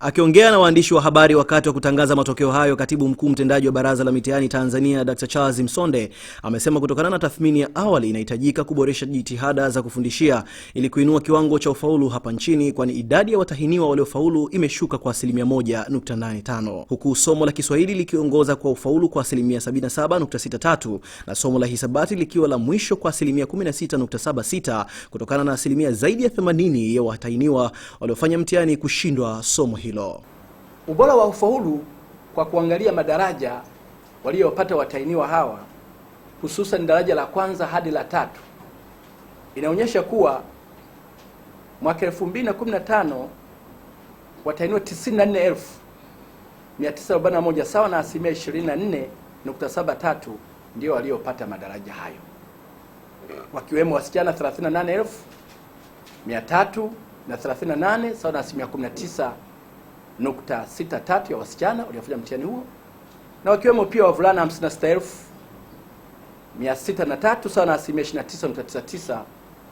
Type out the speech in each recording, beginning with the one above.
Akiongea na waandishi wa habari wakati wa kutangaza matokeo hayo, katibu mkuu mtendaji wa Baraza la Mitihani Tanzania Dr. Charles Msonde amesema kutokana na tathmini ya awali inahitajika kuboresha jitihada za kufundishia ili kuinua kiwango cha ufaulu hapa nchini, kwani idadi ya watahiniwa waliofaulu imeshuka kwa asilimia 1.85 huku somo la Kiswahili likiongoza kwa ufaulu kwa asilimia 77.63 na somo la hisabati likiwa la mwisho kwa asilimia 16.76 kutokana na asilimia zaidi ya 80 ya watahiniwa waliofanya mtihani kushindwa somo hilo hilo. Ubora wa ufaulu kwa kuangalia madaraja waliopata watainiwa hawa, hususan daraja la kwanza hadi la tatu, inaonyesha kuwa mwaka 2015 watainiwa 94,941 sawa na asilimia 24.73 ndio waliopata madaraja hayo, wakiwemo wasichana 38,338 sawa na asilimia 19 nukta sita tatu ya wasichana waliofanya mtihani huo na wakiwemo pia wavulana 56603 sawa na asilimia tisa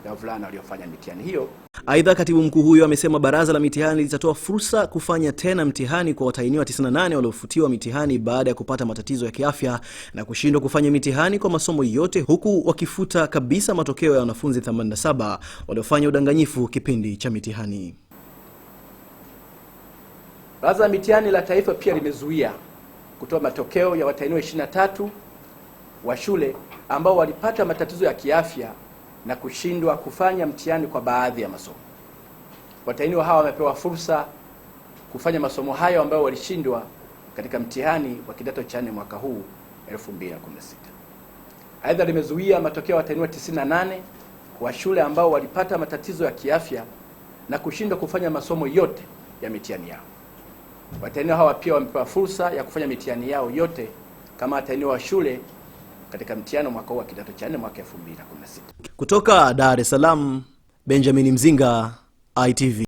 ya wavulana waliofanya mitihani hiyo. Aidha, katibu mkuu huyo amesema baraza la mitihani litatoa fursa kufanya tena mtihani kwa watahiniwa 98 waliofutiwa mitihani baada ya kupata matatizo ya kiafya na kushindwa kufanya mitihani kwa masomo yote, huku wakifuta kabisa matokeo ya wanafunzi 87 waliofanya udanganyifu kipindi cha mitihani. Baraza la Mitihani la Taifa pia limezuia kutoa matokeo ya watahiniwa 23 wa shule ambao walipata matatizo ya kiafya na kushindwa kufanya mtihani kwa baadhi ya masomo. Watahiniwa hawa wamepewa fursa kufanya masomo hayo ambayo walishindwa katika mtihani wa kidato cha nne mwaka huu 2016. Aidha, limezuia matokeo ya watahiniwa 98 wa shule ambao walipata matatizo ya kiafya na kushindwa kufanya masomo yote ya mitihani yao. Watahiniwa hawa pia wamepewa fursa ya kufanya mitihani yao yote kama watahiniwa wa shule katika mtihani mwaka huu wa kidato cha nne mwaka 2016. Kutoka Dar es Salaam, Benjamin Mzinga, ITV.